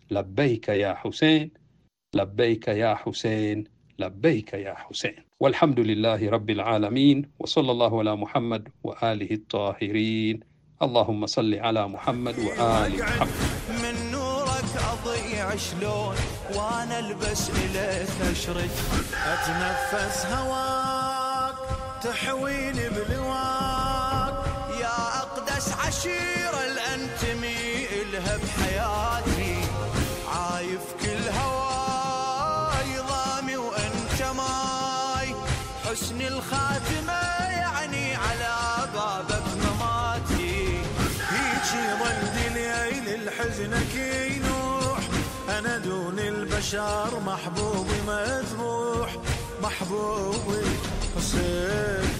Labbaika ya Husein, labbaika ya Husein, labbaika ya Husein. Walhamdulillahi rabbil alamin wa sallallahu ala Muhammad wa alihi tahirin. Allahumma salli ala Muhammad wa ali Muhammad. شلون وانا البس اليك اشرج اتنفس هواك تحويني بلواك يا اقدس عشيره بشار محبوبي مذبوح محبوبي حسين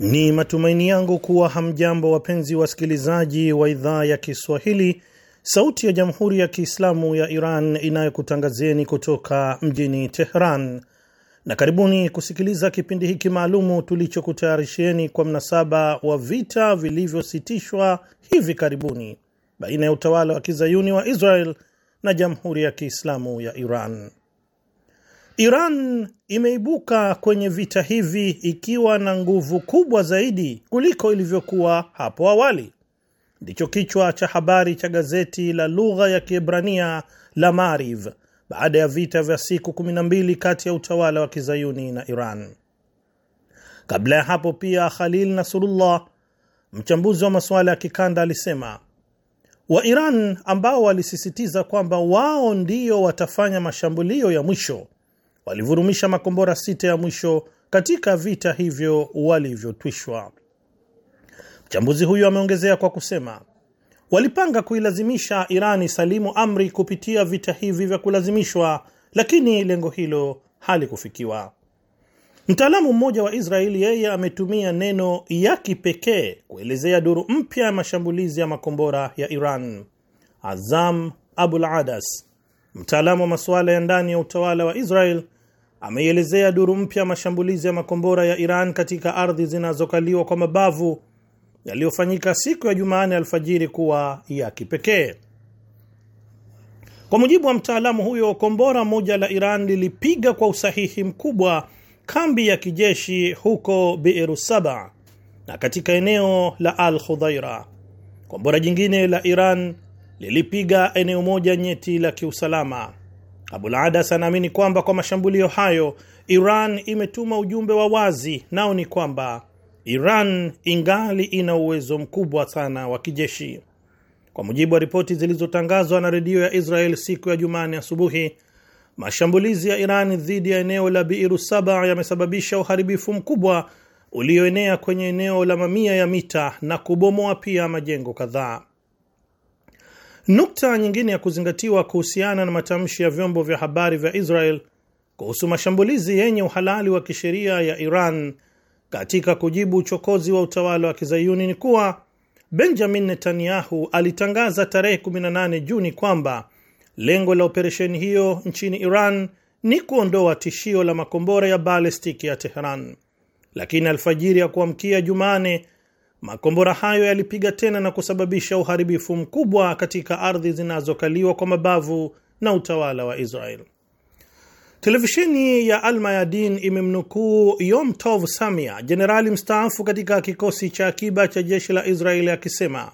Ni matumaini yangu kuwa hamjambo, wapenzi wasikilizaji wa idhaa ya Kiswahili, sauti ya jamhuri ya Kiislamu ya Iran inayokutangazieni kutoka mjini Tehran, na karibuni kusikiliza kipindi hiki maalumu tulichokutayarishieni kwa mnasaba wa vita vilivyositishwa hivi karibuni baina ya utawala wa kizayuni wa Israel na jamhuri ya Kiislamu ya Iran. Iran imeibuka kwenye vita hivi ikiwa na nguvu kubwa zaidi kuliko ilivyokuwa hapo awali, ndicho kichwa cha habari cha gazeti la lugha ya Kiebrania la Maariv baada ya vita vya siku 12 kati ya utawala wa kizayuni na Iran. Kabla ya hapo pia, Khalil Nasrullah, mchambuzi wa masuala ya kikanda, alisema wa Iran ambao walisisitiza kwamba wao ndio watafanya mashambulio ya mwisho walivurumisha makombora sita ya mwisho katika vita hivyo walivyotwishwa. Mchambuzi huyo ameongezea kwa kusema walipanga kuilazimisha Irani salimu amri kupitia vita hivi vya kulazimishwa, lakini lengo hilo halikufikiwa. Mtaalamu mmoja wa Israeli yeye ametumia neno ya kipekee kuelezea duru mpya ya mashambulizi ya makombora ya Iran. Azam Abul Adas, mtaalamu wa masuala ya ndani ya utawala wa Israel, ameielezea duru mpya mashambulizi ya makombora ya Iran katika ardhi zinazokaliwa kwa mabavu yaliyofanyika siku ya Jumanne alfajiri kuwa ya kipekee. Kwa mujibu wa mtaalamu huyo, kombora moja la Iran lilipiga kwa usahihi mkubwa kambi ya kijeshi huko Biru Saba na katika eneo la Al Khudhaira. Kombora jingine la Iran lilipiga eneo moja nyeti la kiusalama. Abul Adas anaamini kwamba kwa mashambulio hayo Iran imetuma ujumbe wa wazi, nao ni kwamba Iran ingali ina uwezo mkubwa sana wa kijeshi. Kwa mujibu wa ripoti zilizotangazwa na redio ya Israel siku ya Jumane asubuhi, mashambulizi ya Iran dhidi ya eneo la Biiru Saba yamesababisha uharibifu mkubwa ulioenea kwenye eneo la mamia ya mita na kubomoa pia majengo kadhaa. Nukta nyingine ya kuzingatiwa kuhusiana na matamshi ya vyombo vya habari vya Israel kuhusu mashambulizi yenye uhalali wa kisheria ya Iran katika kujibu uchokozi wa utawala wa kizayuni ni kuwa Benjamin Netanyahu alitangaza tarehe 18 Juni kwamba lengo la operesheni hiyo nchini Iran ni kuondoa tishio la makombora ya balestiki ya Teheran, lakini alfajiri ya kuamkia Jumane Makombora hayo yalipiga tena na kusababisha uharibifu mkubwa katika ardhi zinazokaliwa kwa mabavu na utawala wa Israel. Televisheni ya Almayadin imemnukuu Yom Tov Samia, jenerali mstaafu katika kikosi cha akiba cha jeshi la Israeli, akisema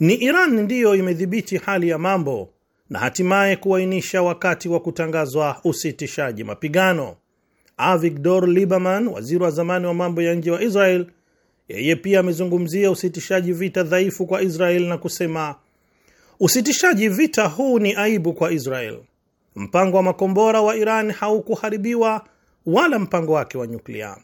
ni Iran ndiyo imedhibiti hali ya mambo na hatimaye kuainisha wakati wa kutangazwa usitishaji mapigano. Avigdor liberman waziri wa zamani wa mambo ya nje wa Israel, yeye pia amezungumzia usitishaji vita dhaifu kwa Israel na kusema usitishaji vita huu ni aibu kwa Israel. Mpango wa makombora wa Iran haukuharibiwa wala mpango wake wa nyuklia.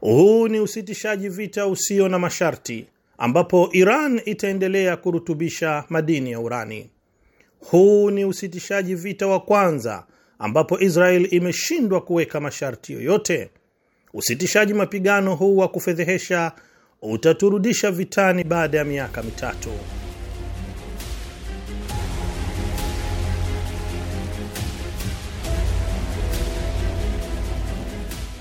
Huu ni usitishaji vita usio na masharti ambapo Iran itaendelea kurutubisha madini ya urani. Huu ni usitishaji vita wa kwanza ambapo Israel imeshindwa kuweka masharti yoyote Usitishaji mapigano huu wa kufedhehesha utaturudisha vitani baada ya miaka mitatu.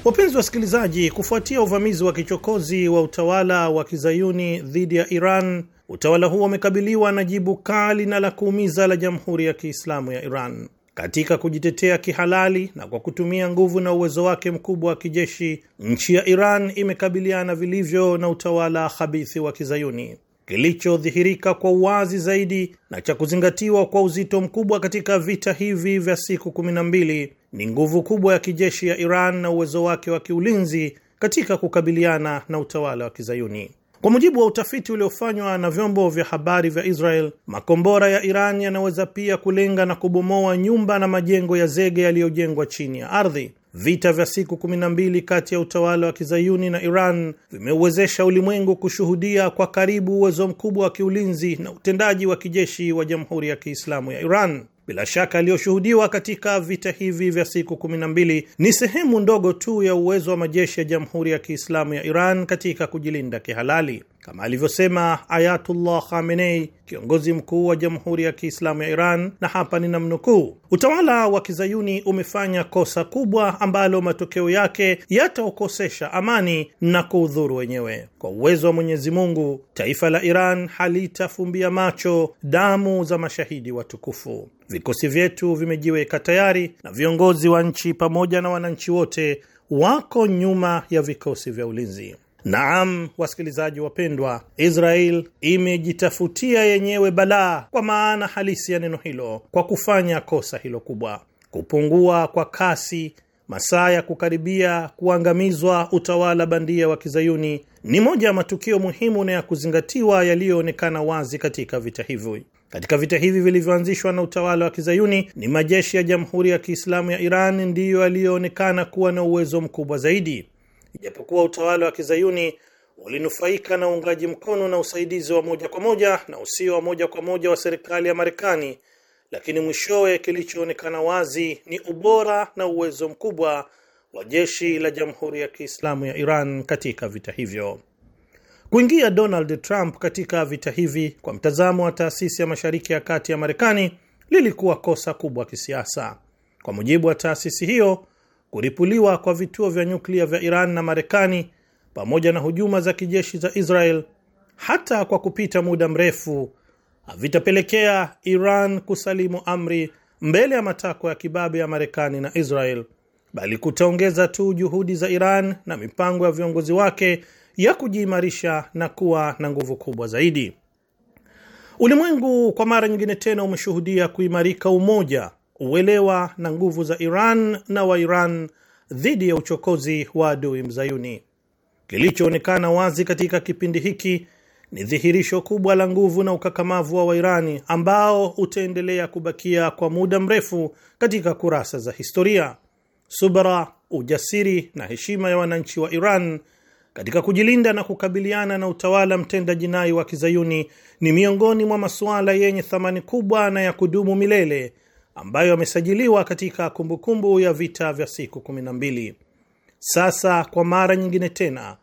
Wapenzi wasikilizaji, kufuatia uvamizi wa kichokozi wa utawala wa kizayuni dhidi ya Iran, utawala huo umekabiliwa na jibu kali na la kuumiza la Jamhuri ya Kiislamu ya Iran katika kujitetea kihalali na kwa kutumia nguvu na uwezo wake mkubwa wa kijeshi, nchi ya Iran imekabiliana vilivyo na utawala habithi wa Kizayuni. Kilichodhihirika kwa uwazi zaidi na cha kuzingatiwa kwa uzito mkubwa katika vita hivi vya siku kumi na mbili ni nguvu kubwa ya kijeshi ya Iran na uwezo wake wa kiulinzi katika kukabiliana na utawala wa Kizayuni. Kwa mujibu wa utafiti uliofanywa na vyombo vya habari vya Israel, makombora ya Iran yanaweza pia kulenga na kubomoa nyumba na majengo ya zege yaliyojengwa chini ya ardhi. Vita vya siku 12 kati ya utawala wa kizayuni na Iran vimeuwezesha ulimwengu kushuhudia kwa karibu uwezo mkubwa wa kiulinzi na utendaji wa kijeshi wa Jamhuri ya Kiislamu ya Iran. Bila shaka aliyoshuhudiwa katika vita hivi vya siku 12 ni sehemu ndogo tu ya uwezo wa majeshi ya Jamhuri ya Kiislamu ya Iran katika kujilinda kihalali kama alivyosema Ayatullah Khamenei, kiongozi mkuu wa Jamhuri ya Kiislamu ya Iran, na hapa ninamnukuu: utawala wa kizayuni umefanya kosa kubwa ambalo matokeo yake yataokosesha amani na kuudhuru wenyewe. Kwa uwezo wa Mwenyezi Mungu, taifa la Iran halitafumbia macho damu za mashahidi watukufu. Vikosi vyetu vimejiweka tayari na viongozi wa nchi pamoja na wananchi wote wako nyuma ya vikosi vya ulinzi. Naam, wasikilizaji wapendwa, Israel imejitafutia yenyewe balaa kwa maana halisi ya neno hilo, kwa kufanya kosa hilo kubwa, kupungua kwa kasi masaa ya kukaribia kuangamizwa utawala bandia wa Kizayuni ni moja ya matukio muhimu na ya kuzingatiwa yaliyoonekana wazi katika vita hivi. Katika vita hivi vilivyoanzishwa na utawala wa Kizayuni, ni majeshi ya Jamhuri ya Kiislamu ya Iran ndiyo yaliyoonekana kuwa na uwezo mkubwa zaidi, Ijapokuwa utawala wa kizayuni ulinufaika na uungaji mkono na usaidizi wa moja kwa moja na usio wa moja kwa moja wa serikali ya Marekani, lakini mwishowe kilichoonekana wazi ni ubora na uwezo mkubwa wa jeshi la Jamhuri ya Kiislamu ya Iran katika vita hivyo. Kuingia Donald Trump katika vita hivi kwa mtazamo wa taasisi ya Mashariki ya Kati ya Marekani lilikuwa kosa kubwa kisiasa. Kwa mujibu wa taasisi hiyo, kuripuliwa kwa vituo vya nyuklia vya Iran na Marekani pamoja na hujuma za kijeshi za Israel hata kwa kupita muda mrefu havitapelekea Iran kusalimu amri mbele ya matakwa ya kibabe ya Marekani na Israel, bali kutaongeza tu juhudi za Iran na mipango ya viongozi wake ya kujiimarisha na kuwa na nguvu kubwa zaidi. Ulimwengu kwa mara nyingine tena umeshuhudia kuimarika umoja uelewa na nguvu za Iran na Wairan dhidi ya uchokozi wa adui mzayuni. Kilichoonekana wazi katika kipindi hiki ni dhihirisho kubwa la nguvu na ukakamavu wa Wairani ambao utaendelea kubakia kwa muda mrefu katika kurasa za historia. Subra, ujasiri na heshima ya wananchi wa Iran katika kujilinda na kukabiliana na utawala mtenda jinai wa kizayuni ni miongoni mwa masuala yenye thamani kubwa na ya kudumu milele ambayo yamesajiliwa katika kumbukumbu kumbu ya vita vya siku 12. Sasa kwa mara nyingine tena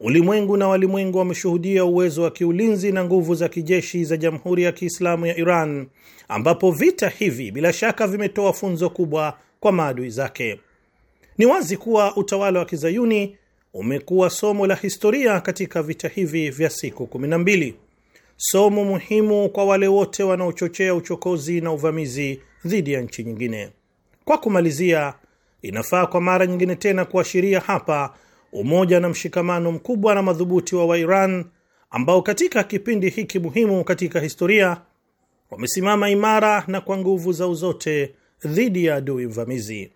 ulimwengu na walimwengu wameshuhudia uwezo wa kiulinzi na nguvu za kijeshi za Jamhuri ya Kiislamu ya Iran, ambapo vita hivi bila shaka vimetoa funzo kubwa kwa maadui zake. Ni wazi kuwa utawala wa kizayuni umekuwa somo la historia katika vita hivi vya siku mbili somo muhimu kwa wale wote wanaochochea uchokozi na uvamizi dhidi ya nchi nyingine. Kwa kumalizia, inafaa kwa mara nyingine tena kuashiria hapa umoja na mshikamano mkubwa na madhubuti wa Wairan ambao katika kipindi hiki muhimu katika historia wamesimama imara na kwa nguvu zao zote dhidi ya adui mvamizi.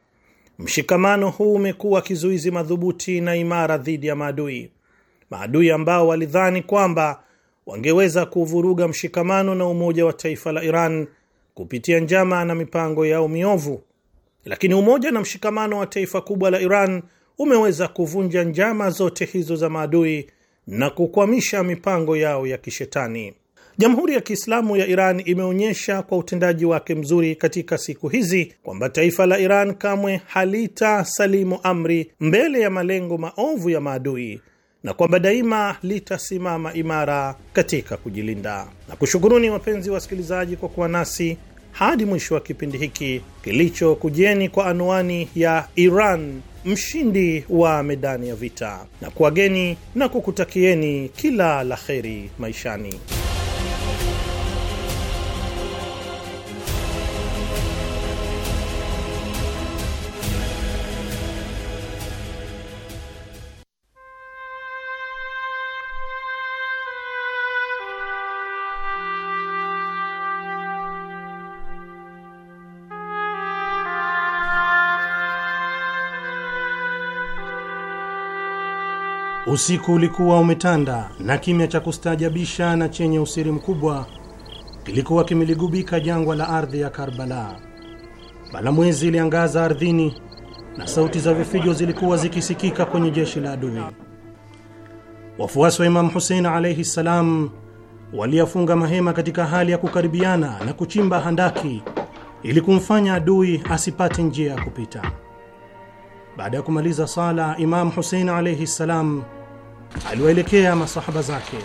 Mshikamano huu umekuwa kizuizi madhubuti na imara dhidi ya maadui, maadui ambao walidhani kwamba wangeweza kuvuruga mshikamano na umoja wa taifa la Iran kupitia njama na mipango yao miovu, lakini umoja na mshikamano wa taifa kubwa la Iran umeweza kuvunja njama zote hizo za maadui na kukwamisha mipango yao ya kishetani. Jamhuri ya Kiislamu ya Iran imeonyesha kwa utendaji wake mzuri katika siku hizi kwamba taifa la Iran kamwe halita salimu amri mbele ya malengo maovu ya maadui na kwamba daima litasimama imara katika kujilinda. Na kushukuruni wapenzi wasikilizaji kwa kuwa nasi hadi mwisho wa kipindi hiki kilichokujieni kwa anwani ya Iran mshindi wa medani ya vita, na kuwageni na kukutakieni kila la kheri maishani. Usiku ulikuwa umetanda na kimya cha kustaajabisha na chenye usiri mkubwa kilikuwa kimeligubika jangwa la ardhi ya Karbala. bala mwezi iliangaza ardhini na sauti za vifijo zilikuwa zikisikika kwenye jeshi la adui. Wafuasi wa Imamu Husein alaihi ssalam waliyafunga mahema katika hali ya kukaribiana na kuchimba handaki ili kumfanya adui asipate njia ya kupita. Baada ya kumaliza sala, Imamu Husein alaihi ssalam aliwaelekea masahaba zake,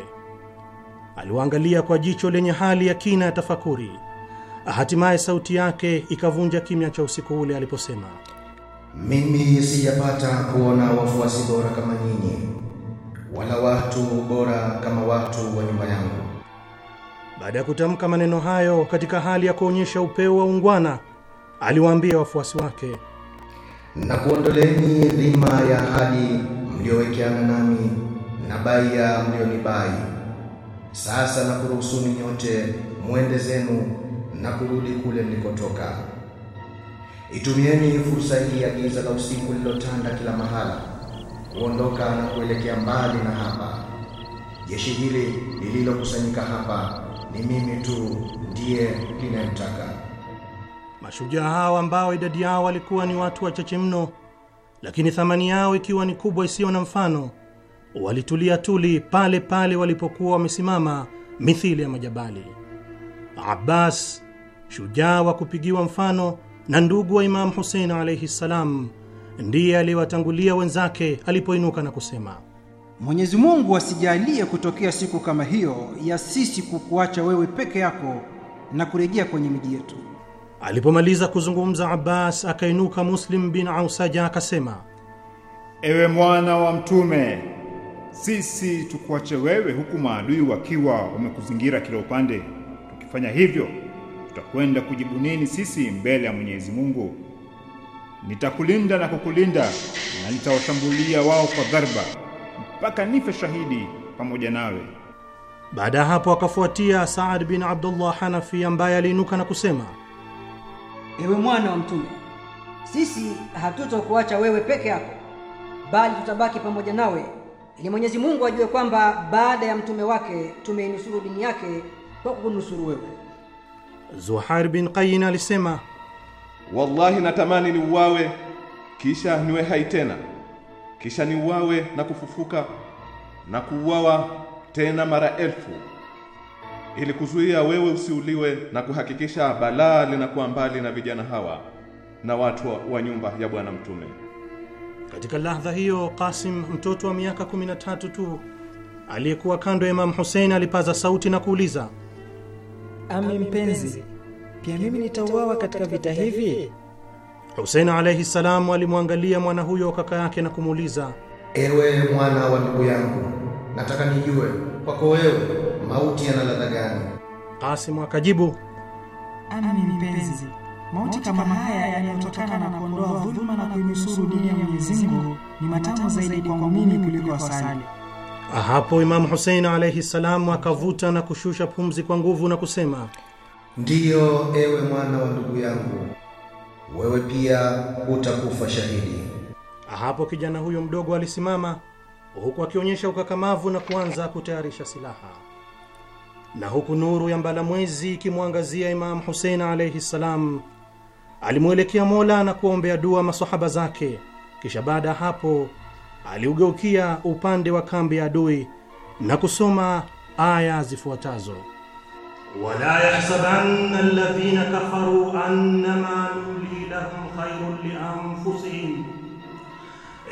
aliwaangalia kwa jicho lenye hali ya kina ya tafakuri. Hatimaye sauti yake ikavunja kimya cha usiku ule aliposema, mimi sijapata kuona wafuasi bora kama nyinyi wala watu bora kama watu wa nyumba yangu. Baada ya kutamka maneno hayo katika hali ya kuonyesha upeo wa ungwana, aliwaambia wafuasi wake, na kuondoleni dhima ya ahadi mliowekeana nami na baiya mliyonibai. Sasa na kuruhusuni nyote mwende zenu na kurudi kule mlikotoka. Itumieni fursa hii ya giza la usiku lililotanda kila mahala kuondoka na kuelekea mbali na hapa. Jeshi hili lililokusanyika hapa ni mimi tu ndiye ninayemtaka. Mashujaa hao ambao idadi yao walikuwa ni watu wachache mno, lakini thamani yao ikiwa ni kubwa isiyo na mfano walitulia tuli pale pale walipokuwa wamesimama mithili ya majabali. Abbas, shujaa wa kupigiwa mfano na ndugu wa Imamu Husein alaihi ssalam, ndiye aliyewatangulia wenzake alipoinuka na kusema, Mwenyezi Mungu asijalie kutokea siku kama hiyo ya sisi kukuacha wewe peke yako na kurejea kwenye miji yetu. Alipomaliza kuzungumza, Abbas akainuka Muslim bin Ausaja akasema, ewe mwana wa Mtume sisi tukuache wewe, huku maadui wakiwa wamekuzingira kila upande. Tukifanya hivyo, tutakwenda kujibu nini sisi mbele ya Mwenyezi Mungu? Nitakulinda na kukulinda na nitawashambulia wao kwa dharba mpaka nife shahidi pamoja nawe. Baada ya hapo akafuatia Saad bin Abdullah Hanafi ambaye aliinuka na kusema, ewe mwana wa Mtume, sisi hatutokuacha wewe peke yako, bali tutabaki pamoja nawe ili Mwenyezi Mungu ajue kwamba baada ya mtume wake tumeinusuru dini yake kwa kukunusuru wewe. Zuhair bin Qayn alisema, wallahi natamani niuawe kisha niwe hai tena, kisha niuawe na kufufuka na kuuawa tena mara elfu, ili kuzuia wewe usiuliwe na kuhakikisha balaa linakuwa mbali na vijana hawa na watu wa nyumba ya Bwana Mtume. Katika lahdha hiyo, Kasim mtoto wa miaka 13 tu aliyekuwa kando ya Imamu Husein alipaza sauti na kuuliza, ami mpenzi, pia mimi nitauawa katika vita hivi? Husein alaihi salamu alimwangalia mwana huyo kaka yake na kumuuliza, ewe mwana wa ndugu yangu, nataka nijue kwako wewe mauti yana ladha gani? Kasimu akajibu, ami mpenzi Mauti kama haya yanayotokana na kuondoa dhuluma na kuinusuru dini ya Mwenyezi Mungu ni matamu zaidi kwangu mimi kuliko asali. Hapo Imamu Husein alaihi salamu akavuta na kushusha pumzi kwa nguvu na kusema, ndiyo ewe mwana wa ndugu yangu, wewe pia utakufa shahidi. Hapo kijana huyo mdogo alisimama huku akionyesha ukakamavu na kuanza kutayarisha silaha, na huku nuru ya mbala mwezi ikimwangazia Imamu Husein alaihi salam alimwelekea Mola na kuombea dua masahaba zake. Kisha baada ya hapo aliugeukia upande wa kambi ya adui na kusoma aya zifuatazo: wala yahsabanna alladhina kafaru annama nulli lahum khayrun lianfusihim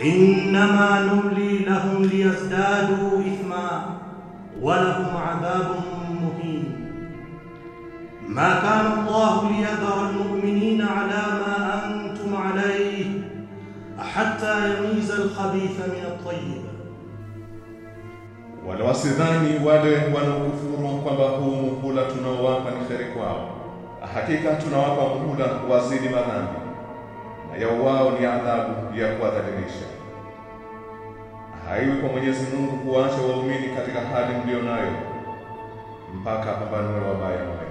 innama nulli lahum liyazdadu ithma wa lahum adhabun ما كان الله ليذر المؤمنين على ما أنتم عليه حتى يميز الخبيث من الطيب wala wasidhani wale wanaokufuru kwamba huu muhula tunaowapa ni kheri kwao hakika tunawapa muhula wazidi madhambi na yao wao ni adhabu ya kuwadhalilisha haiwi kwa mwenyezi mungu kuwaacha waumini katika hali mlio nayo mpaka apambanue wabaya wabaya